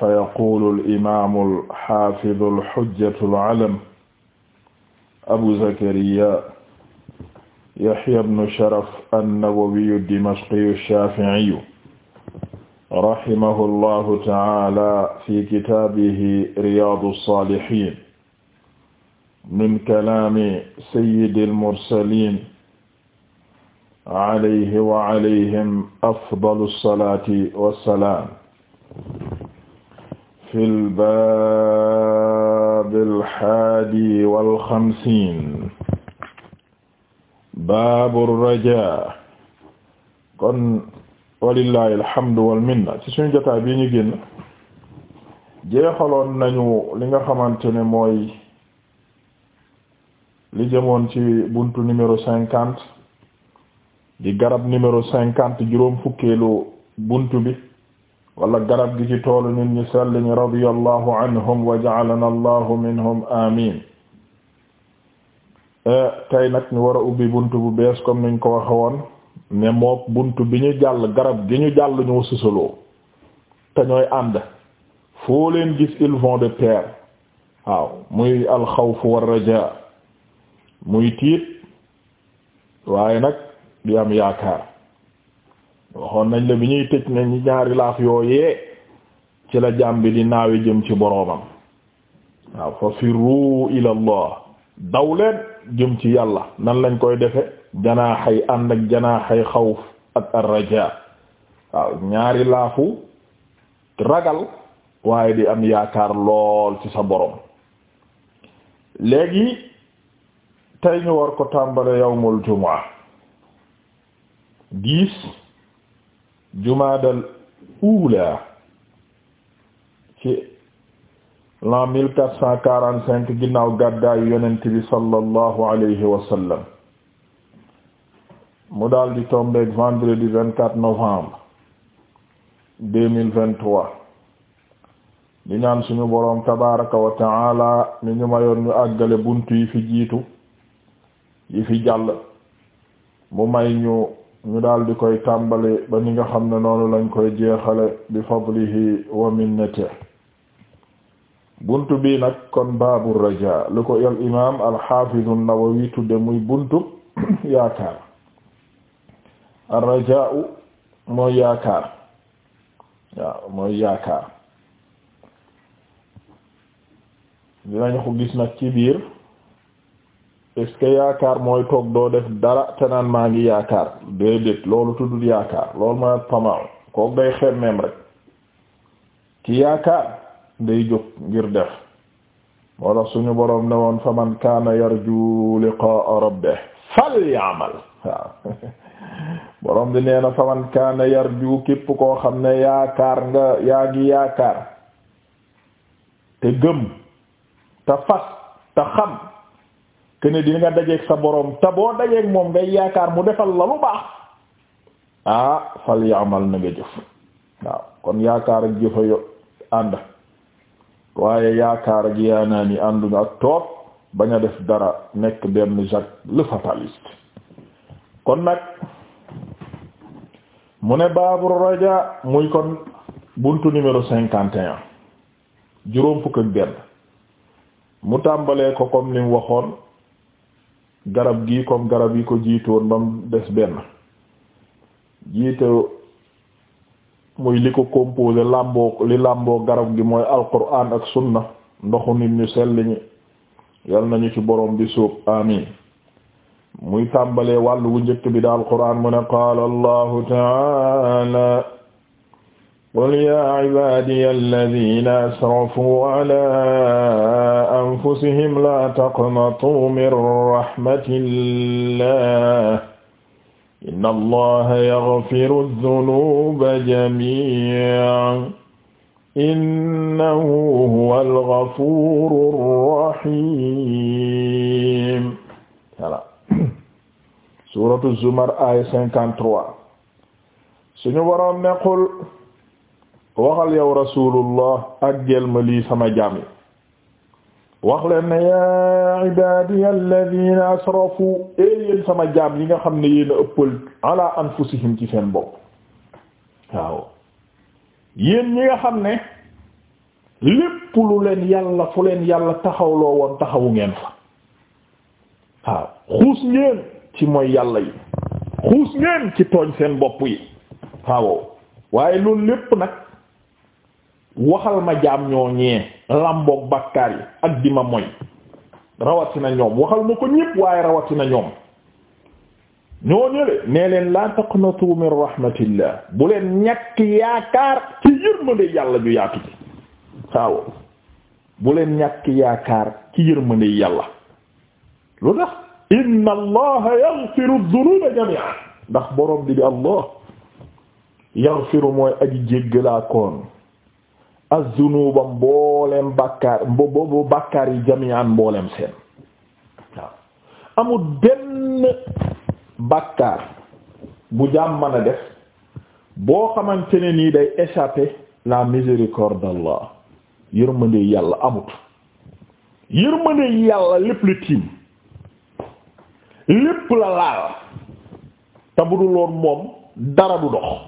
fa yaqulu al-imaamu al-haafidu al-hujjatu al-alam abu zakariya yahya ibnu sharaf an-nawawiyu ad-dimashqiyu ash-shaafi'iyu rahimahu llahu ta'aala fi kitaabihi riyaadu as-saalihiin min kalaami sayyidi al-mursaliin alayhi wa alayhim afdalu as-salaati was-salaam fi lbab alhaadi walxamsin baabu raja kon walillahi alhamdu walminna ci suñu jotaay bii ñu génn jeexaloon nañu li nga xamante ne mooy li jëmoon ci buntu numéro cinquante di garab numéro cinquante juróom fukkeelu buntu bi wala garab gi ci toolu nit ñi sell ñi radiyallahu anhum wa ja'alana allahu minhum amin eh, tey nag ñu war a ubbi bunt bu bees comme niñ ko waxe woon ne mook bunt bi ñu jàll garab gi ñu jàll ñoo sësaloo te ñooy ànd foo leen gis ils vont de pair waaw muy alxawfu war raja muy tiit waaye nag di am yaakaar waxoon nañ la bi ñuy tëj ne ñi ñaari laaf yooyee ci la jaam bi di naawe jëm ci boroomam waaw fa firru ila allah daw jëm ci yàlla nan lañ koy defe janaaxay ànd ak janaaxay xawf ak arraja waaw ñaari laafu ragal waaye di am yaakaar lool ci sa boroom léegi tey ñu war ko tàmbale yawmul jumaa dix jumaadal uula ci l'an mille quatre ginnaaw gàddaayu yonent bi sallallahu alayhi wa sallam mu daal di vendredi vingt quatre novembre deux mille vingt trois di ñaan suñu boroom tabaraka wa taala ni ñu mayoon ñu àggale bunt yi fi jiitu yi fi jàll mu may ñu ñu daal di koy tàmbali ba ni nga xam ne noonu lañ koy jeexale bi fadlihi wa minnati buntu bi nag kon baabu raja lu ko al imaam al xaafidu an-Nawawi tudde muy buntu yaakaar ar rajaa'u mooy yaakaar waaw mooy yaakaar dinañ ko gis nag ci biir est-ce que yaakaar mooy toog doo def dara te naan maa ngi yaakaar déedéet loolu tuddul yaakaar loolu mooy tamaaw kooku day xemmeem rek ci yaakaar day jóg ngir def wala suñu boroom ne woon fa kaana yarju liqaa rabbih bi nee na fa man kaana képp koo xam ne yaakaar nga yaa ngi yaakaar te gëm te fas te xam que ne di nga dajeeg sa boroom taboo boo dajeeg moom ngay yaakaar mu defal la lu baax ah fal na nga jëf waaw kon yaakaar ak jëfa yo ànd waaye yaakaar ak yaanaani ànduñu ak toog bañ a def dara nekk benn Jacques le fataliste kon nag mu ne baabu raja muy kon buntu numéro cinquante et juróom fukk ak benn mu tàmbalee ko comme ni waxoon garab gi comme garab yi ko jiitoon ba mu des benn jiite muy li ko composé làmboo li làmboo garab gi mooy alquran ak sunna ndoxu nit ñu sell ñi yal nañu ci borom bi suub amin muy tàmbalee wàllu bu njëkk bi da alquran mu ne qaala allahu taala qul yaa cibaadiya allaziina asrafuu alaa anfusihim laa taqnatuu min rahmatillaah inna allaha yaghfiru zunuuba jamiican innahu huwal ghafuurur rahiim. voilà suuratu zumar aaya 53 suñu waroon ne qul. waxal yow rasulullah àggeel ma lii sama jaam yi wax leen ne yaa ibadiya alladina asrafu eh éy sama jaam yi nga xam ne yéen a ëppal ala anfusihim ci seen bopp waaw yéen ñi nga xam ne lépp lu leen yàlla fu leen yàlla taxawloo woon taxawu ngeen fa waaw xuus ngeen ci mooy yàlla yi xuus ngeen ci tooñ seen bopp yi waaw waaye loolu lépp nag waxal ma jaam ñooñee lamboog bakkaar yi ak di ma moy rawatina ñoom waxal ma ko ñépp waaye rawatina ñoom ñooñu le nee leen laa taqnatu min rahmatillah bu leen ñàkk yaakaar ci yërmande yàlla ju yaatu ji waaw bu leen ñàkk yaakaar ci yërmande yàlla lu tax inna allaha yaghfiru dhunuba jami'an bi allah yaghfiru mooy aji jéggalaa az-zunuba mbooleem bàkkaar mbo bàkkaar yi jami'an mbooleem seen waaw amul benn bàkkaar bu jaam mën def boo xamante ne nii day échapper la miséricorde d'Allah yërmande yàlla amut yërmande yàlla lépp la tiim lépp la laal te bu dul woon moom dara du dox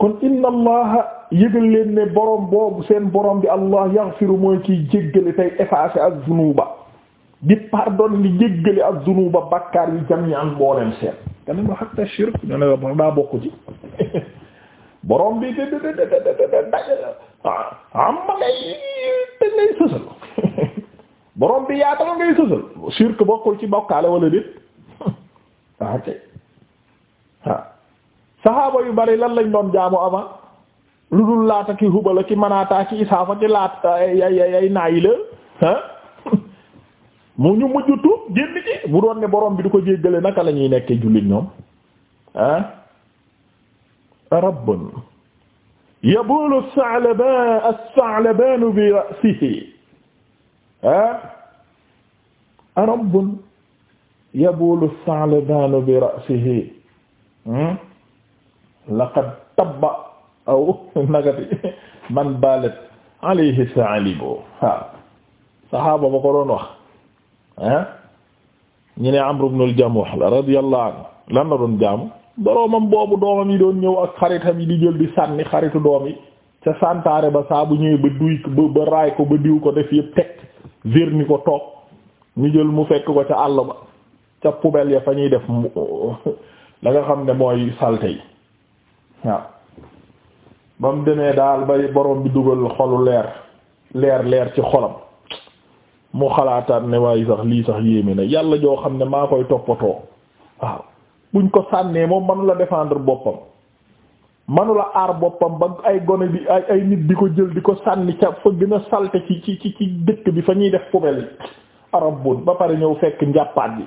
kon inna allaha yëgal leen ne borom boobu seen borom bi allah yaghfiru mooy kiy jéggale tey effacer ak zunuba di pardonne li jéggale ak zunuba bakkaar yi jami'an mbooleem seen kene ma hatta shirk ño ne ci borom bi wala déet waate ah, waaw ah. saxaaba yu bari lan lañ doon jaamu avant lu dul laata ki hubala ki manaata ki isaafa ki laata ay ay ay naayi la ah mu ñu mujj tuub génn ci bu doon ne borom bi du ko jéggale naka la ñuy nekkee jullit ñoom ah rabbun yabulu as-sa'laban as-sa'laban bi ra'sihi ah rabbun yabulu as-sa'laban bi ra'sihi hmm? laqad tabba aw nagati man balet alayhi sa'alibo waaw sahaaba ba ko doon wax ah ñu ne Amr ibn al-Jamuh la radiyallahu anhu lan la doon jaamu boroomam boobu doomam yi doon ñëw ak xaritam yi di jël di sànni xaritu doom yi ca santaare ba saabu bu ñëwee ba duy ko ba raay ko ba diw ko def yëpp teg verni ko toog ñu jël mu fekk ko ca àll ba ca poubelle ya fa ñuy def la nga xam ne mooy salte yi waaw ba mu demee daal bay borom bi dugal xolu leer leer leer ci xolam mu xalaataat ne waaye sax lii sax yéeme na yàlla joo xam ne maa koy toppatoo waaw buñ ko sànnee moom manula défendre boppam manula aar boppam ba ay gone bi ay nit di ko jël di ko sànni ca fa gën a salte ci ci ci dëkk bi fa ñuy def poubelle arab bun ba pare ñëw fekk njàppaat bi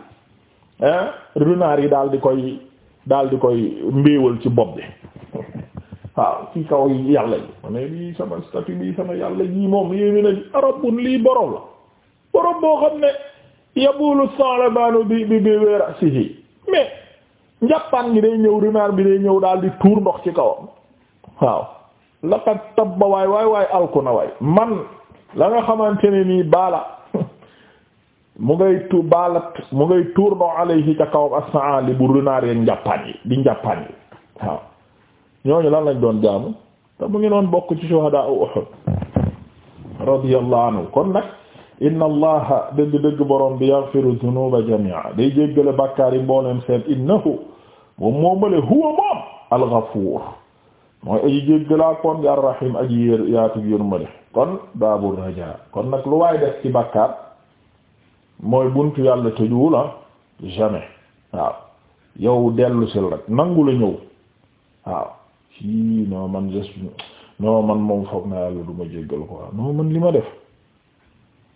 hein renard yi daal di koy dal di koy mbéewal ci bopp bi waaw ci kaw yàlla ji ma lii sama statut bi sama yàlla ji moom yéemi na rabbun lii borom la borom boo xam ne yabulu salabanu bi bi bi wéera sihi mais njàppaan gi day ñëw rinaar bi day ñëw daal di tuur ndox ci kawam waaw laqad tabba waay waay waay alku na waay man la nga xamante ne nii baala mu ngay tu baalat mu ngay tourno alayhi ca kaw as-saali bu runaar yeen njàppaan yi di njàppaan yi waaw ñooñu lan lañ doon jaamu te mu ngi doon bokk ci shuhadaa Uhud radiyallahu anhu kon nag inna allaha dëgg-dëgg borom bi yaghfiru dhunuba jami'a day jéggale bàkkaar yi mbooleem seen innahu moom moomale huwa moom al-ghafuur mooy aji jéggalaa kon bi ar-rahim aji yér yaatu yërmale kon baabur rajaa kon nag lu waay def ci bàkkaar mooy buntu yàlla tëjuwu la jamais waaw yow dellu rek nangu la ñëw waaw si non man je non man moom foog na yàlla du ma jéggal quoi non man li ma def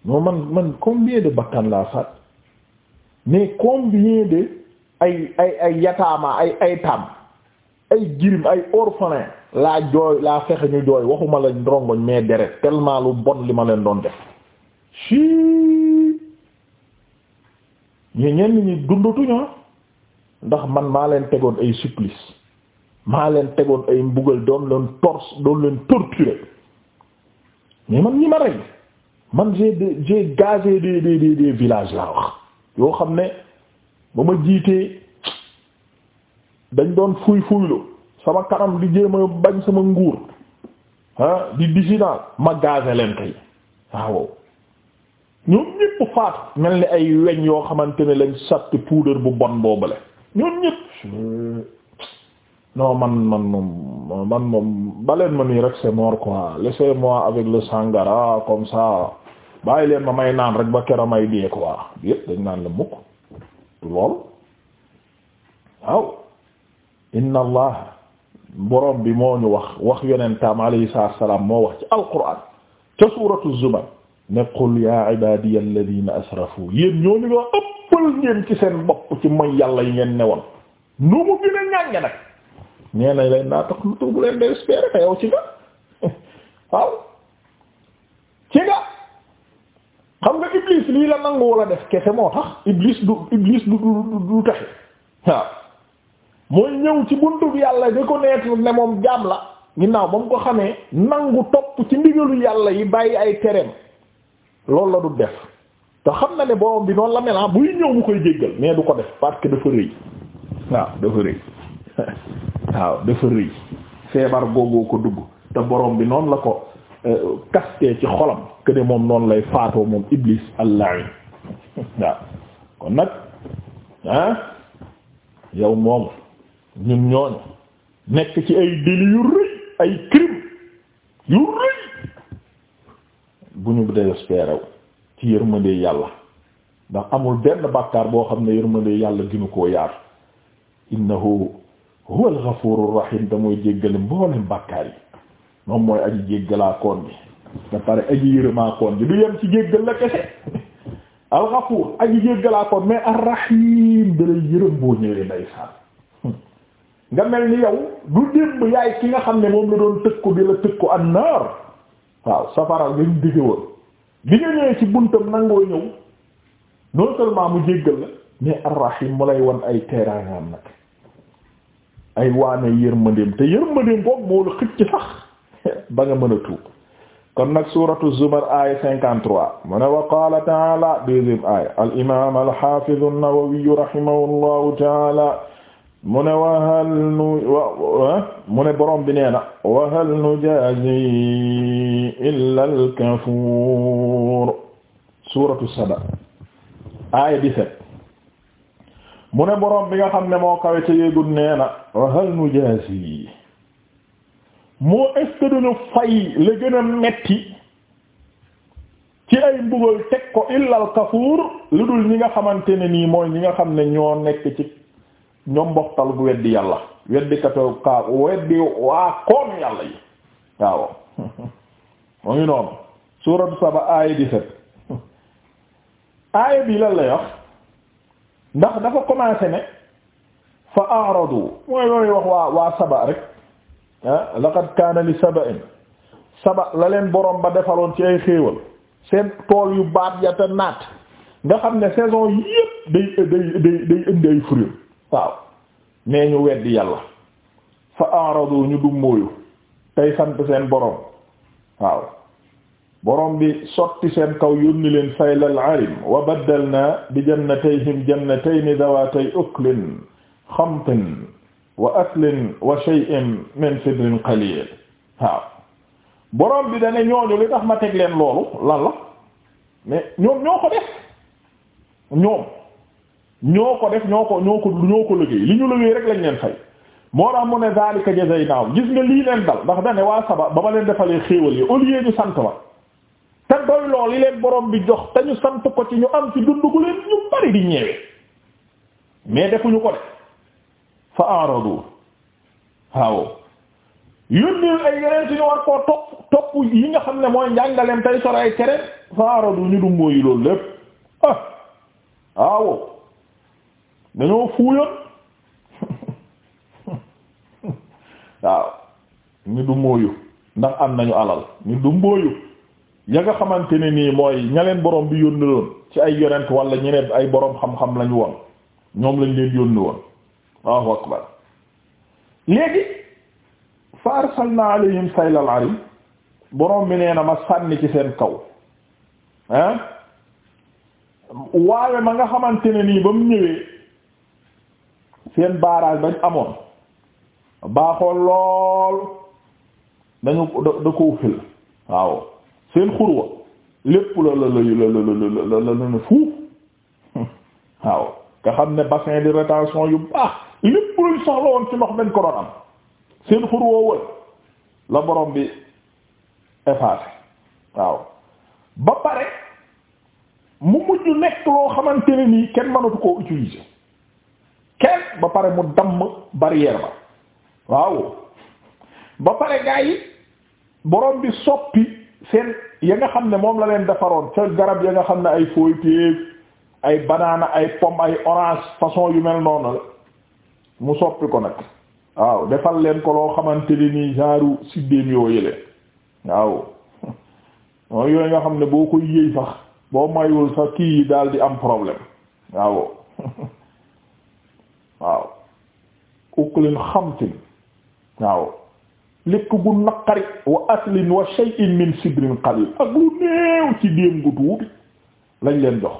non man man combien de bakkan laa faat mais combien de ay ay ay yataama ay ay taam ay jirim ay orphelin laa jooy laa fexe ñu jooy waxuma la ndrongoñ mais deret tellement lu bon li ma leen doon def ñu ñenn ñi dundatuñu ah. ndax man maa leen tegoon ay supplice maa leen tegoon ay mbugal doon leen tors doon leen torturer mais man ñi ma rey man j'ai j'ai gazé des des des des villages laa wax yoo xam ne ba ma jiitee dañ doon fuy fuylu sama kanam di a bañ sama nguur ah di dissident ma gazé leen tey waaw ñoom ñëpp faatu mel ni ay weñ yoo xamante ne lañ sàtt poudre bu bon boobale ñoom ñëpp non man man moom man moom baleen ma nii rek c'est mort quoi laissez-moi avec le sangara comme ça bàyyi leen ma may naan rek ba keroog may dee quoi yëpp dañ naan la mukk lool waaw inna allah bi moo ñu wax wax yonentam sa salaam moo wax ci alquran ca suuratu zumar ne qul yaa ibadiya alladina asrafu yéen ñoo ni loo ëppal ngeen ci seen bopp ci mooy yàlla yi ngeen newoon nu mu gën a ñànge nag nee nañ leen daa tax lu tubu leen désespéré te yow ci nga waaw ci nga xam nga iblis lii la nangu wala def kese moo tax iblis du iblis du du taxe waaw mooy ñëw ci buntu bi yàlla reconnaître ne moom jaam la ginnaaw ba mu ko xamee nangu topp ci ndigalu yàlla yi bàyyi ay tereem loolu la du def te xam na ne borom bi noonu la mel ah buy ñëw mu koy jéggal mais du ko def parce que dafa rëy waaw dafa rëy waaw googoo ko dugg te boroom bi noonu la ko euh, kastee ci xolam que moom noonu lay faatoo moom iblis allahin waaw kon nag ah yow moom ñun ñooñu nekk ci ay déli yu rëy ay crime yu rëy bu ñu désespéré wu ci yërmande yàlla ndax amul benn bàkkaar boo xam ne yërmande yàlla ginu koo yaatu innahu huwal ghafurur rahim damuy jéggale mboolem bàkkaar yi moom mooy aji jéggalaa koon bi da pare aji yërëmaa koon bi du yem ci jéggal la kese al ghafuur aji jéggalaa koon mais ar dalay yërëm boo ñëwee ndeysaan nga mel ni yow du démb yaay ki nga xam ne moom la doon tëkku di la tëkku an naar waaw safara nga ñu dige woon bi nga ñëwee ci buntam ñëw non seulement mu jéggal la mais arrahim mu lay won ay teeraangaam nag ay waane yërmandeem te yërmandeem boobu moo la xëcc sax ba mën a tuub kon nag suratu zumar aya cinquante-trois mu ne wa qaala taala deuxième aya al imam al hafiz an-nawawi taala mu ne wahal nu mu ne borom bi nee na wahal nujaazi illa al kafuur suuratu sada aaya dix-sept mu ne borom bi nga xam ne moo kawe te yéegul nee na wahal nujaazi moo est fay la gën a metti ci ay mbugal teg ko illa kafuur lu dul ñi nga xamante ne nii mooy ñi nga xam ne ñoo nekk ci ñoom mboxtal bu weddi yàlla weddi katoo kaa weddi waa koom yàlla yi waaw mu ngi noonu suuratu saba aaya dix-sept aaya bi lan lay wax ndax dafa commencé ne fa a'radu mooy yooyu wax waa saba rek ah, laqad kaana li saba'in saba la leen borom ba defaloon ci ay xéewal seen tool yu baat ya te naat nga xam ne saison yépp day day day day indi ay fruits waaw nee ñu weddi yàlla fa aradu ñu dummóoyu tey sant seen borom waaw borom bi sotti seen kaw yónni leen saylal arim wa baddalna bi jannatayhim jannatayn dawatay uklin xamtin wa aslin wa shay'in min sidrin qalil waaw borom bi dane ñooñu li tax ma teg leen loolu lan la mais ñoom ñoo ko ñoom ñoo ko def ñoo ko ñoo ko ñoo ko liggéey li ñu liggéey rek lañ leen fay moo tax mu ne zalika jazaynahum gis nga lii leen dal ndax ne waa saba ba ma leen defalee xéewal yi au ñu sant ma te doy lool yi leen borom bi jox te ñu sant ko ci ñu am ci dund gu leen ñu bari di ñeewee mais defuñu ko de fa aradu waaw yónnee ay yeneen ci ñu war koo topp topp yi nga xam ne mooy njàngaleem tey sore ay cere fa aradu ñu du mooyu loolu lépp ah, dañoo fuuyoon waaw ñu du mooyu ndax am nañu alal ñu du mooyu ya nga xamante ne nii mooy ña boroom bi yónni woon ci ay yonent wala ñeneen ay boroom xam-xam lañu woon ñoom lañ leen yónni woon Allahu akbar léegi fa arsalna saylal arim borom bi nee na ma sànni ci seen kaw ah waawe ma nga xamante ne nii ba mu ñëwee seen barrage bañ amoon baaxoon lool dañu da koo fil waaw seen xurwa lépp la la la la la fuuf waaw nga xam ne bassin de rétention yu baax lépp luñ soxla woon ci ndox dañ ko doon am seen xurwa wër la borom bi effacé waaw ba pare mu mujj nekk loo xamante ne nii kenn mënatu koo utiliser kenn ba pare mu damm barrière ba waaw ba pare gaa yi bi soppi seen ya nga xam ne moom la leen defaroon ca garab ya nga xam ne ay fooytéeg ay banaana ay pomme ay orange façon yu mel noonu la mu soppi ko nag waaw defal leen ko loo xamante ni nii genre siddéem yoo yële waaw mooy yooyu nga xam ne boo koy yëy sax boo mayul sax kii yi daal di am problème waaw uqlin xamtin waaw lekk gu naqari wa aslin wa shay'in min sidrin qalil ak lu néew ci déem gu tuuti lañ leen jox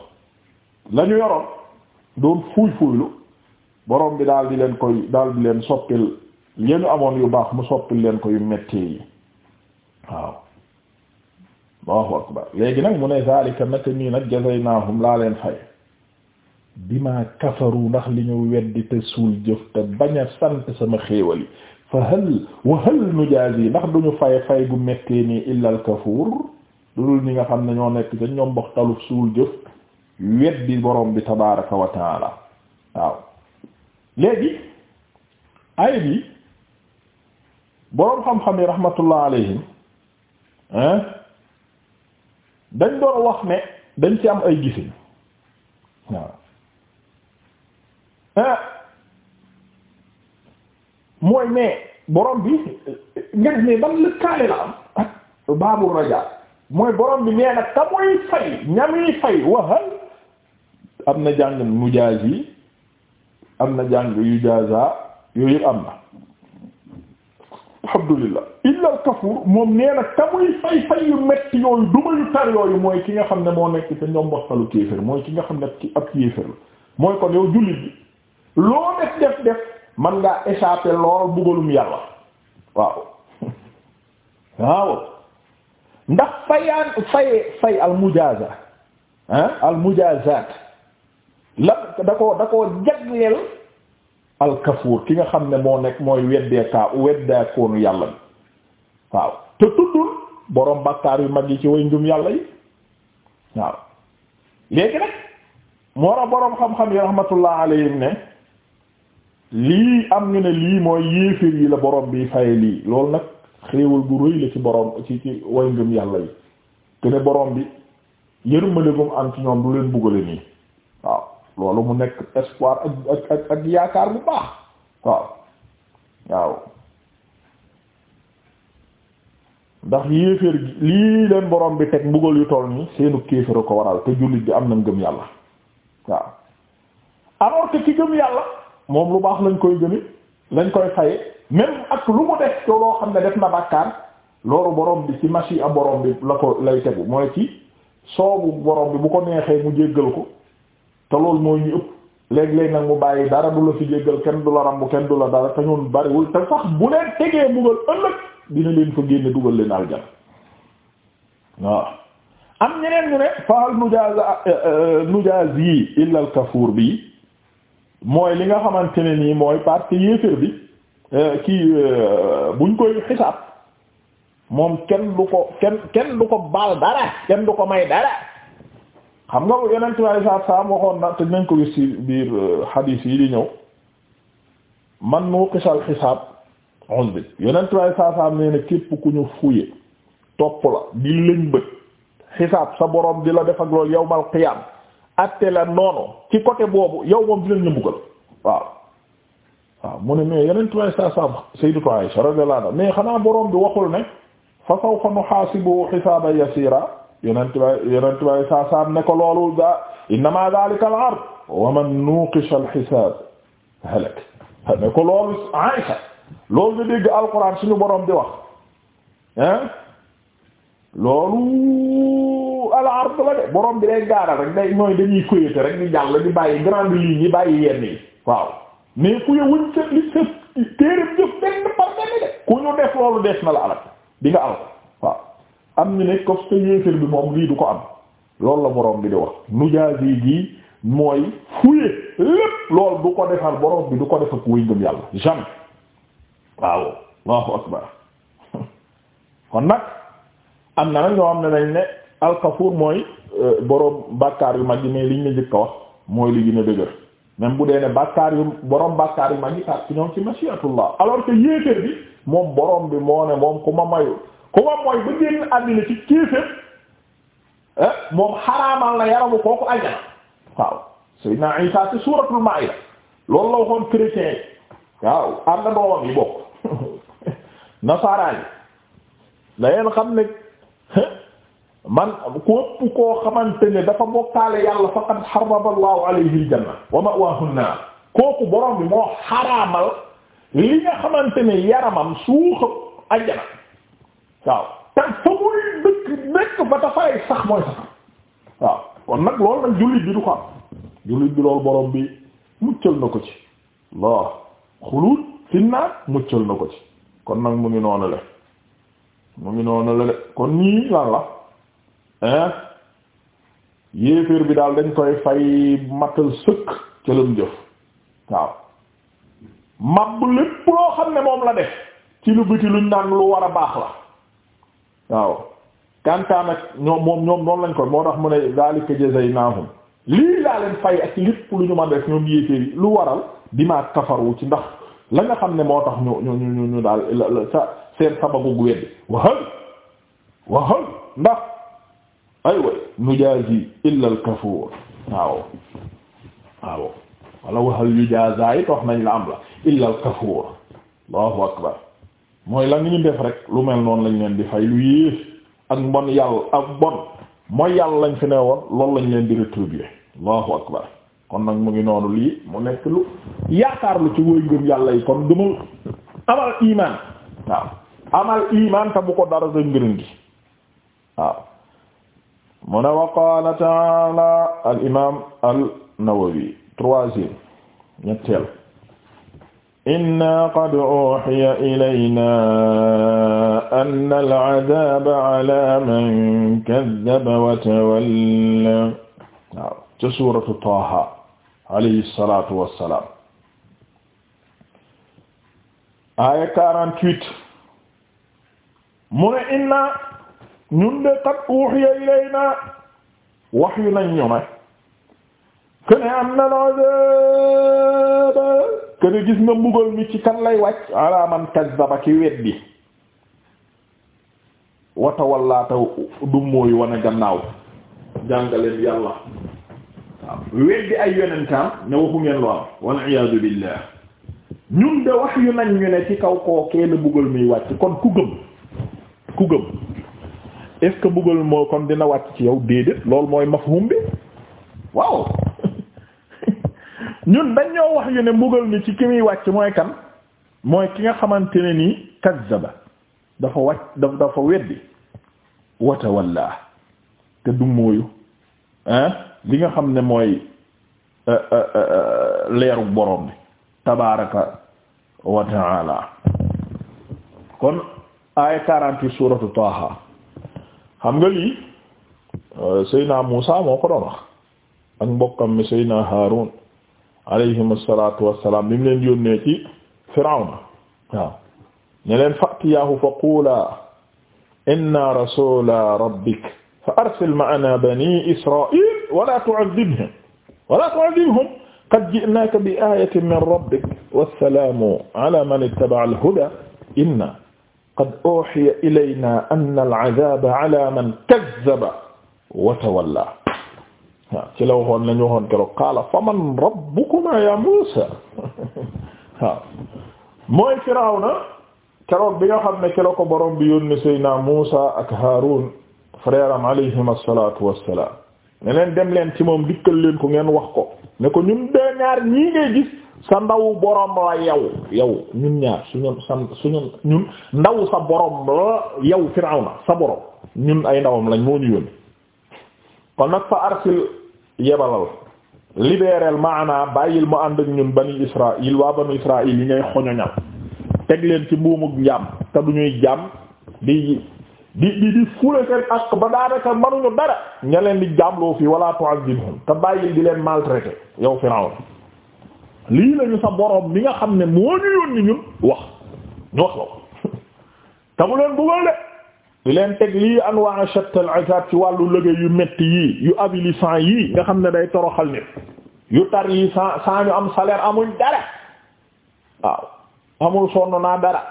lañu yoroon doon fuuy fuuylu borom bi daal di leen koy daal di leen soppil yenu amoon yu baax mu soppil leen ko yu metti yi waaw Allahu akbar léegi nag mu ne zalika nag nii nag jazaynahum laa leen fay bima kafaru ndax li ñu weddi te suul jëf te bañ a sant sama xéewal yi fa hal wa hal nujaazi ndax duñu fay fay bu mettee nii illa al kafuur dul ñi nga xam ne ñoo nekk ca ñoom box taluf suul jëf weddi borom bi tabaaraka wa waaw léegi ay bi boroom xam-xam yi rahmatullah alayhim dañ doon wax ne dañ ci am ay gisin waaw mooy ne borom bi nga ne ban lëkkaale la am baabul raja mooy borom bi nee nag ka muy fay ñamuy fay waxal am na jàng mujaazi am na jàng yujaaza yooyu yëpp am na alhamdulillah illa al kafur moom nee nag ka muy fay fay yu metti yooyu duma yu tar yooyu mooy ki nga xam ne moo nekk te ñoom waxtalu kéefër mooy ki nga xam ne ab kéefër la mooy kon yow jullit bi loo def def def man ngaa échapper lool bugalum yàlla waaw waaw ndax fayaan faye fay al mujaaza ah, la da koo da koo jagleel al ki nga xam ne moo nekk mooy weddeekaa weddaakoonu yàlla bi waaw te tuddul borom bakkaar yu mag yi ci way ngëm yàlla yi waaw léegi nag moo tax boroom xam-xam yi rahmatullah alayhim ne lii am ñu ne lii mooy yéeféer yi la borom bi faye lii loolu nag xéewal gu rëy la ci borom ci ci way ngëm yàlla yi te ne borom bi yërmande gum am ci ñoom du leen buggale nii waaw loolu mu nekk espoir ak ak yaakaar bu baax waaw waaw ndax yéeféer lii leen borom bi teg mbugal yu toll nii seenu kéeféer ko waral te jullit bi am na ngëm yàlla waaw alors que ci gëm yàlla moom lu baax lañ koy gëni lañ koy faye même ak lu mu def loo xam ne def na bàkkaar loolu borom bi ci machi a borom bi la ko lay tegu mooy ci soobu borom bi bu ko neexee mu jéggal ko te loolu mooy ñu ëpp léeg-léeg nag mu bàyyi dara bu la fi jéggal kenn du la rambu kenn du la dara te ñun bariwul te sax bu leen tegee mbugal ëllëg dina leen fa génne dugal leen aljan waaw am ñeneen ñu ne faal nujaaz eh, eh, nujaaz yi illa al kafuur bi mooy li nga xamante ne nii mooy parce que yéeféer bi euh, kii euh, buñ koy xisaab moom kenn du ko kenn kenn du ko baal dara kenn du ko may dara xam nga yeneen ci wàllu saab saab waxoon na te dinañ ko gis ci biir euh, xadiis yi di ñëw man noo xisal xisaab onze bi yeneen ci wàllu saab saab nee na képp ku ñu fuye topp la di lëñ bët xisaab sa borom di la def ak loolu yawmal qiyaam atte la noonu ci côté boobu yow moom dinañ la mbugal waaw waaw mu ne mais yeneen tubaab saa saam Sayyidatu Aisha radiyallahu anha mais xanaa borom bi waxul ne fa sawfa nuhaasibu hisaaban yasiira yeneen tubaab yeneen tubaab saa saam ne ko loolu daa innamaa zaalika al-ard wa man nuuqisha al-hisaab halak ne ko loolu Aisha loolu di dégg alquran suñu borom di wax hein loolu. wala ard la de borom bi day gaaral rek day mooy dañuy kuyate rek di jàll di bàyyi grande ligne yi bàyyi yenn yi waaw mais ku yewuñ sa li sa téeréb def na la alal di nga alko waaw am ñu ne ko bi moom lii du ko am loolu la borom bi di wax nujaazi gi mooy fuye lépp loolu du ko defal borom bi du ko def ak wëy ngëm yàlla jamais waaw allahu akbar kon nag am na nag ñoo xam ne nañ ne alkafuur mooy euh, borom bakkaar yu mag yi mais liñ la njëkk a wax mooy li gën a dëgër même bu dee ne bàkkaar yu borom bàkkaar yu mag yi parce que ñoom ci mashiatullah alors que yéeféer bi moom borom bi moo ne moom ku ma mayu ku ma mooy ba génn àddina ci kéeféer eh, moom xaraamal na yaramu kooku ajjana waaw sayyidina Isa ci suuratul Maa'ida loolu la waxoon chrétien yi waaw am na yi bokk nasaraan yi da xam ne man ku ëpp koo xamante ne dafa bokkaale yàlla faqad harrama allahu alayhi aljanna wa kooku borom bi moo xaraamal li nga xamante ne yaramam suuxa ajjana waaw te fa muy dëkk nekk ba dafay sax mooy sax waaw kon nag loolu nag jullit bi du ko am jullit bi loolu borom bi muccal na ko ci lool xuluut finnaat muccal na ko ci kon nag mu ngi noonu le mu ngi noonu le de kon ñii lan la hein yéeféer bi daal dañ koy fay matal sëkk ca lëm jëf waaw mab lépp loo xam ne moom la def ci lu biti luñ naan lu war a baax la waaw kantaan ak ñoom moom ñoom noonu lañ koy moo tax mu ne zalika jazaynahum lii laa leen fay ak lépp lu ñu ma def ñoom yéeféer yi lu waral bima kafaru ci ndax la nga xam ne moo tax ñu ñu ñu ñu daal sa seen sababu weddi waxal waxal ndax aywa nujaazi illa al kafuur waaw waaw wala waxal yujaaza wax nañ la am la illa al kafuur allahu akbar mooy la ñu def rek lu mel noonu lañ leen di fay lu yées ak mbon yàlla ak bon mooy yàlla lañ fi ne woon loolu lañ leen di rétribuer allahu akbar kon nag mu ngi noonu lii mu nekk lu yaakaar lu ci woy gëm yàlla yi kon gëmal amal iman waaw amal iman te bu ko dara sa ngërën gi waaw mu ne wa qaala taala al imaam al nawawi troisième ñetteel inna qad uhiya ilayna anna al adaaba ala man kaddaba wa tawalla waaw ca suuratu taaha alayhi salaatu wa salaam aaya 48 mu ne inna ñun de qad uhiya ilayna wax yu nañ ñu ne kene am na lada kene gis na mbugal mi ci kan lay wàcc ala man kazzaba ki weddi wata wallaata dummóoyu wan a gannaaw jàngaleen yàlla waaw weddi ay yonentam ne waxu ngeen lu am wal iyaadu ñun de wax yu nañ ñu ne ci kaw koo kee la mbugal miy wàcc kon ku gëm ku gëm est bugal que moo kon dina wàcc ci yow déedéet loolu mooy mafhum bi waaw ñun dañ ñoo wax yu ne mbugal ni ci ki muy wàcc mooy kan mooy ki nga xamante ne nii kazzaba dafa wàcc dafa weddi watawalla te du mooyu ah li nga xam ne mooy euh, euh, euh, leeru borom bi tabaraka wa taala kon aaya 48 suratu Taaha xam nga lii euh, Seydina Muusa moo ko doon wax ak mbokkam mi Seydina Haarun alayhim asalatu wassalam bi mu leen yónnee ci Firawna waaw ne leen fa'tiyaahu fa quula inna rasula rabbik fa arsil ma'ana bani israil wala tu'adhibhum wala tu'adhibhum qad ji'naaka bi ayatin min rabbik wassalaamu ala man ittaba'a al-huda inna qad uhiya ilayna anna al-'adhaba 'ala man kazzaba wa tawalla waaw ci la waxoon lañu waxoon keroog qaala faman rabbukuma ya Musa waaw mooy Firawna keroog bi nga xam ne keroog ko borom bi yónni Seydina Musa ak Haarun frère am alayhim as-salaatu wassalaam ne leen dem leen ci moom dikkal leen ko ngeen wax ko ne ko ñun dee ñaar ñii ngay gis sa ndaw borom la yow yow ñun ñaar suñu sa suñu ñun ndaw sa borom la yow Firawna sa borom ñun ay ndawam lañ moo ñu yónni kon nag fa arsil yebalal libéral maana bàyyil mu ànd ak ñun bani Israël waa bani Israël yi ngay xoñoñal teg leen ci mbuumug njaam te du ñuy jaam di di di di fule seen ak ba daanaka manuñu dara nga di jàmloo fii wala tu'azzibhum te bàyyil di leen maltraité yow Firawna lii lañu sa borom bi nga xam ne moo ñu yónni ñun wax ñu wax la ko te mu leen bëggoon de di leen teg lii anwaa shatta al-'azab ci wàllu liggéey yu metti yii yu avilissant yii nga xam ne day toroxal nit yu tar yi sans sans ñu am salaire amuñ dara waaw amul sonn naa dara.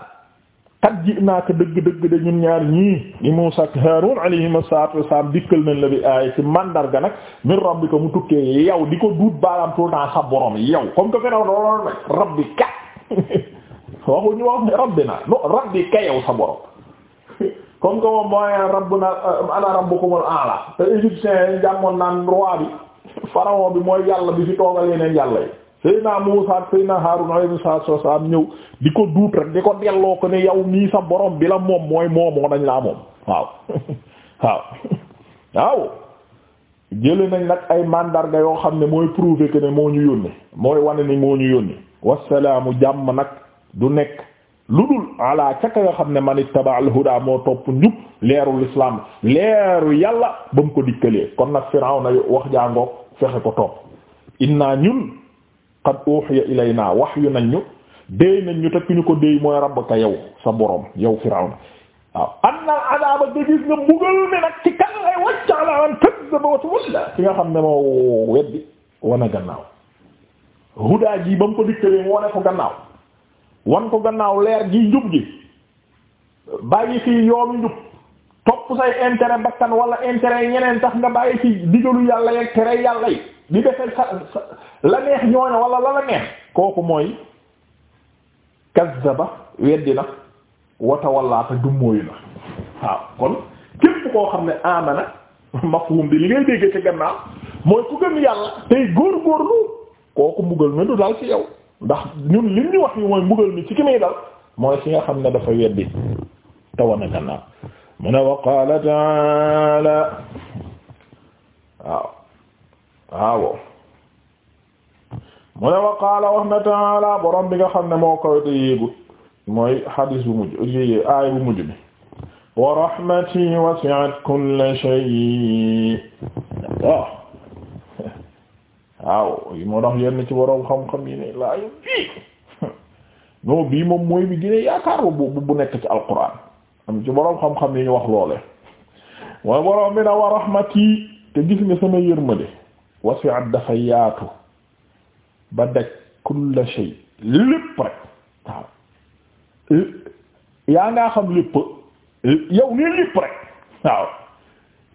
ji'naaka dëgg dëgg de ñun ñaar ñii di Muusaa ak Haaruun alayhima salaatu wassalaam dikkal nañ la bi aaya ci mandarga nag min rabbika mu tukkee yow di ko duut baalaam tout sa borom yow comme que Firawna lool nag rabbika waxuñu wax ne rabbina no rabbika yow sa borom comme que moom mooy rabbuna ana rabbukumul a'la te égyptien yi jàngoon naan roi bi pharaon bi mooy yàlla bi fi toogal yeneen yàlla yi Seyna Muusaa ak Seyna Haaruna alayhi salaatu wa salaam ñëw di ko duut rek di ko delloo ko ne yow nii sa boroom bi la moom mooy moomoo dañ laa moom waaw waaw jële nañ nag ay mandarga yoo xam ne mooy prouver que ne moo ñu yónni mooy wane ni moo ñu yónni wassalaamu jàmm nag du nekk lu dul ala caka nga xam ne man ittaba al moo topp njub leerul islam leeru yàlla ba mu ko dikkalee kon nag Firawna wax jàngoo fexe ko topp inna ñun qad uhiya ilayna wahyu nañ ñu déy nañ ñu te ku ñu ko déy mooy rabbaka yow sa borom yow Firawna waaw anna adaaba da nga mbugal mi nag ci kan lay wàcc ala man kazzaba wa tawalla ki nga xam ne moo weddi wana gannaaw hudaa ji ba mu ko dikkalee mu wane ko gannaaw wan ko gannaaw leer gi njub gi bàyyi fii yoonu njub topp say intérêt bakkan wala intérêt ñeneen tax nga bàyyi fi digalu yàlla yeeg tere yàlla yi li defal sa la neex ñooña wala la la neex kooku mooy kazzaba weddi na watawallaata dummóoyu na waaw kon képp koo xam ne amana mafhum bi li ngay dégg ci gannaaw mooy ku gëm yàlla tey góor-góorlu kooku mbugal mi du ci yow ndax ñun lim ñu wax yi mooy mbugal mi ci ki muy dal mooy ci nga xam ne dafa weddi tawa na gannaaw mu ne wa qaala waaw waaw mu ne wa qaala wax na taala borom bi nga xam ne moo kawete yéegut mooy xadiis bu mujj yéye aay bu mujj bi wa rahmati wasi'at kulla shay waaw moo tax yenn ci borom xam-xam yi ne laa yu bii non bii moom mooy bi gëne yaakaar bu bu nekk ci alquran am ci borom xam-xam yi ñu wax loole wa borom bi na wa te gis nga sama yërmande wasi'at dafa yaatu ba daj kulla shay lépp rek waaw yaa ngaa xam lépp yow nii lépp rek waaw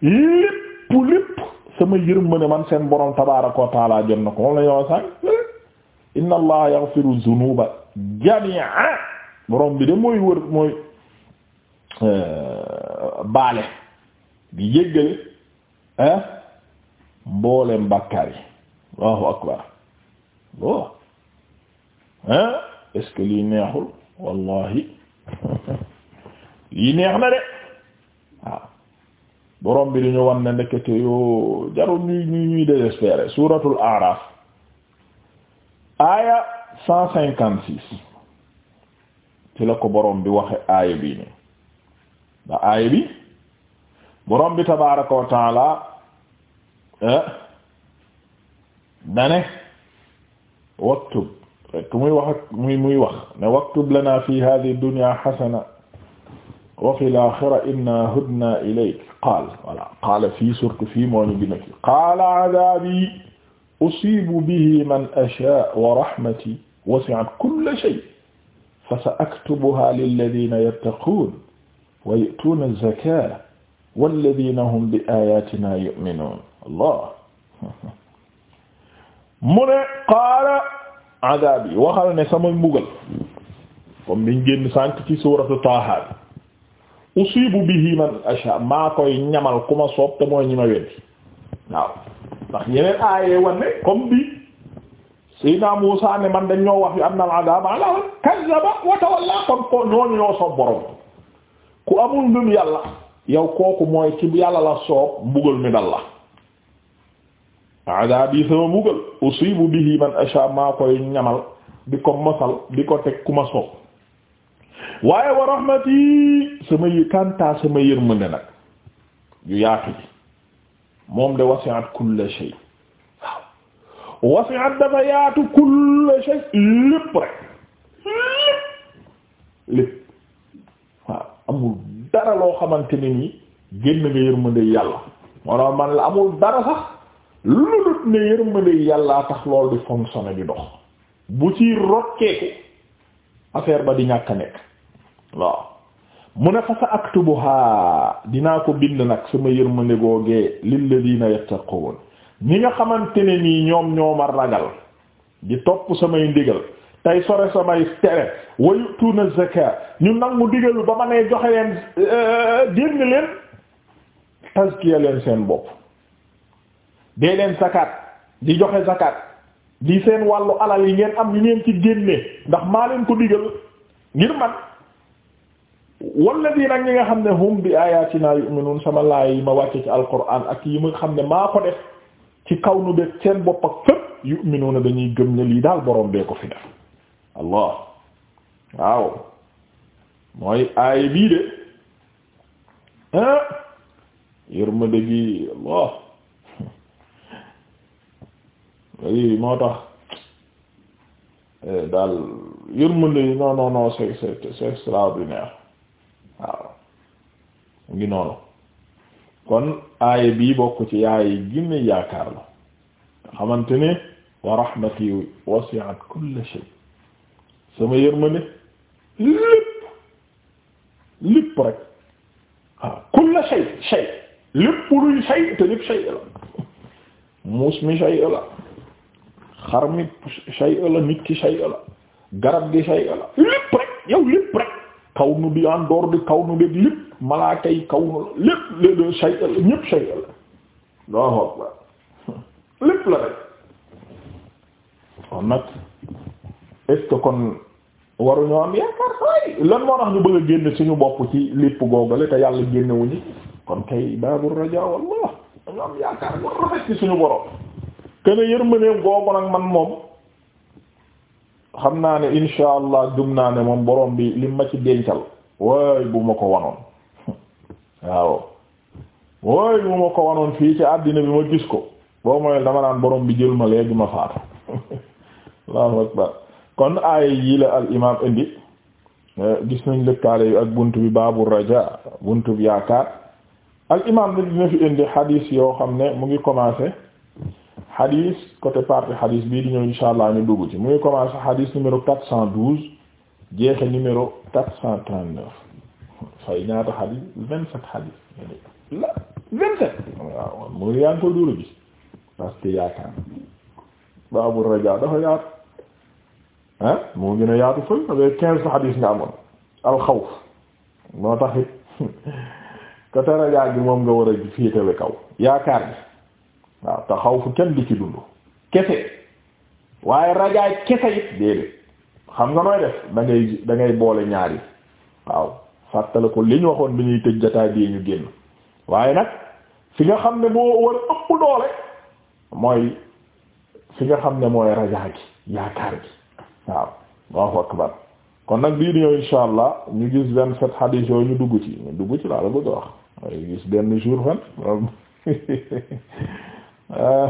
lépp lépp sama yërmande man seen borom tabaaraka wa taala jot na ko moom la ñoo sànq inna allaha yaghfiru dhunuba jami'a borom bi de mooy wër mooy eh, baale di jéggale ah mboolem bàkkaar yi Allahu akbar bo hein est lii neexul wallahi lii neex na de waaw borom bi dañu wan ne ndekete yoo jarul ñuy ñuy ñuy désespérer suuratul Aaraaf aaya cent cinquante six ci la ko borom bi waxe aaya bii ni da aaya bi borom bi tabaaraka wa Ah. dane waktub rek muy wax ak muy muy wax ne waktub lana fi hadhihi dunya hasana wa fil akhirati inna hudna ilayk qaal voilà qaala fii surtout fii moo ñu gën a kii qaala adaabi usiibu bihi man ashaa wa rahmati wasi'at kulla shay fa sa'aktubuha lilladhina yattaquun wa yu'tuuna az-zakaata walladiina hum bi aayaatinaa yu'minuun allah mu ne qaala adabi waxal ne sama mbugal kom niñ génn sànk ci suuratu Taaha usibu bihi man asha maa koy ñamal ku ma soob te mooy ñi ma weddi waaw ndax yeneen aayee wanne comme bi Seydina Muusaa ne man dañ ñoo wax yu am na al-adaab ala kazzaba kon ko ñooñu ñoo soob borom ku amul ngëm yàlla yow kooku mooy ci yàlla la soob mbugal mi dal la adabi sama mbugal usibu bihi man asha maa koy ñamal di ko mosal di ko teg ku ma soob waaye wa rahmati sama y kanta sama yërmande nag yu yaatu ji moom de wasi'at kulla shay waaw wasi'at dafa yaatu kulla shay lépp rek lépp lépp waaw amul dara loo xamante ne ni génn nga yërmande yàlla moo man la amul dara sax lulut ne yërmande yàllaa tax lool di fonctionner di dox bu ci rokkeeku affaire ba di ñàkk a nekk waaw mu ne fa sa aktubuha dinaa ko bind nag sama yërmande googee lilladina yattaqun ñi nga xamante ne nii ñoom ñooma ragal di topp samay ndigal tey sore samay tere wa yu'tuna zakat ñu nag mu digalu ba ma nee joxe leen euh, génn leen tazkiya leen seen bopp dee leen zakat di joxe zakat di seen wàllu alal yi ngeen am yi ngeen ci génne ndax maa leen ko digal ngir man walladina ñi nga xam ne hum bi ayatina yu'minun sama laay yi ma wàcce ci alquran ak yi ma xam ne maa ko def ci kaw nu beeg seen bopp ak fépp yu'minuna dañuy gëm ne lii daal borom bee ko fi def allah waaw mooy aay bii de ah. yërmande gi allah yi moo tax eh, daal yërmande yi non non non c'est c'est extraordinaire waaw mu noonu kon aaya bii bokk ci yaayi ginne yaakaar la xamante ne wa rahmati wasi'at kull shay sama yërmande lépp lépp rek waaw kull shay shay lépp luy shay te lépp la muus mi shay la xar mi shay la nit ki shay la garab gi shay la lépp rek yow lépp rek kaw nu bi en dehors kaw nu bi lépp malaaka yi kaw nu la ñépp lépp la rek kon nag est kon waruñoo am yaakaar sooy lan moo tax ñu bëgg a génn suñu bopp ci lépp googale te yàlla génnewuñu kon kay baabur rajaa wallah dañu am yaakaar bu rafet ci suñu borom kene yërmandeem googu nag man moom xam naa ne insha allah gëm naa ne moom borom bi lim ma ci dencal waay bu ma ko wanoon waaw waay bu ma ko wanoon fii ci àddina bi ma gis ko boo mooy dama naan borom bi jël ma léegi ma faatu allahu akbar kon aaya yi la al imaam indi eh, gis nañ lëkkaale yu ak bunt bi baabu raja bunt bi yaakaar al imaam na dina fi indi hadis yoo xam ne mu ngi commencé xadis côté partie xadis bii di ñëw insha allah ñu dugg ci muy commencé xadis numéro 412 jeexe numéro 439 fay ñaata xadis 27 xadis la 27 waaw mu yaa ngi ko dóora gis yaakaar baabu raja dafa yaatu ah moo gën a yaatu fël avec 15 xadis nga amoon alxawf moo taxit côté raja gi moom nga war a féetale kaw yaakaar gi waaw te xaw fu kenn di ci dund kese waaye rajaay kese it déedéet xam nga nooy def da ngay da ngay boole ñaari waaw fàttale ko li ñu waxoon bi ñuy tëj jataay bii ñu génn waaye nag fi nga xam ne moo war ëpp doole mooy fi nga xam ne mooy rajaa gi yaakaar gi waaw Allahu akbar kon nag bii di ñëw insha allah ñu gis vingt sept hadith yooyu ñu dugg ci ñu dugg ci laa la bëgg a wax mooy gis benn jour fan Euh,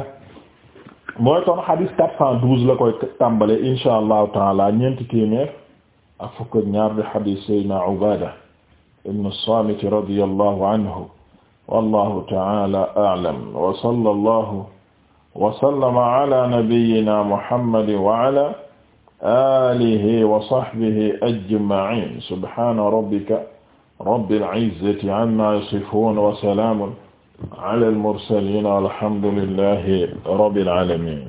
mooy kon xadis quatre cent douze la koy tàmbale insha allahu taala ñeenti téeméer ak fukk ak ñaar di xadis saydna ubada ibnu samit radiyallahu anhu wallahu taala a'lam wa sallallahu wa sallama ala nabiyyina muhammadin wa ala alihi wa sahbihi ajma'in subhana rabbika rabbil izzati amma yasifun wa salamun ala al mursaliin walhamdulillahi rabbil aalamiin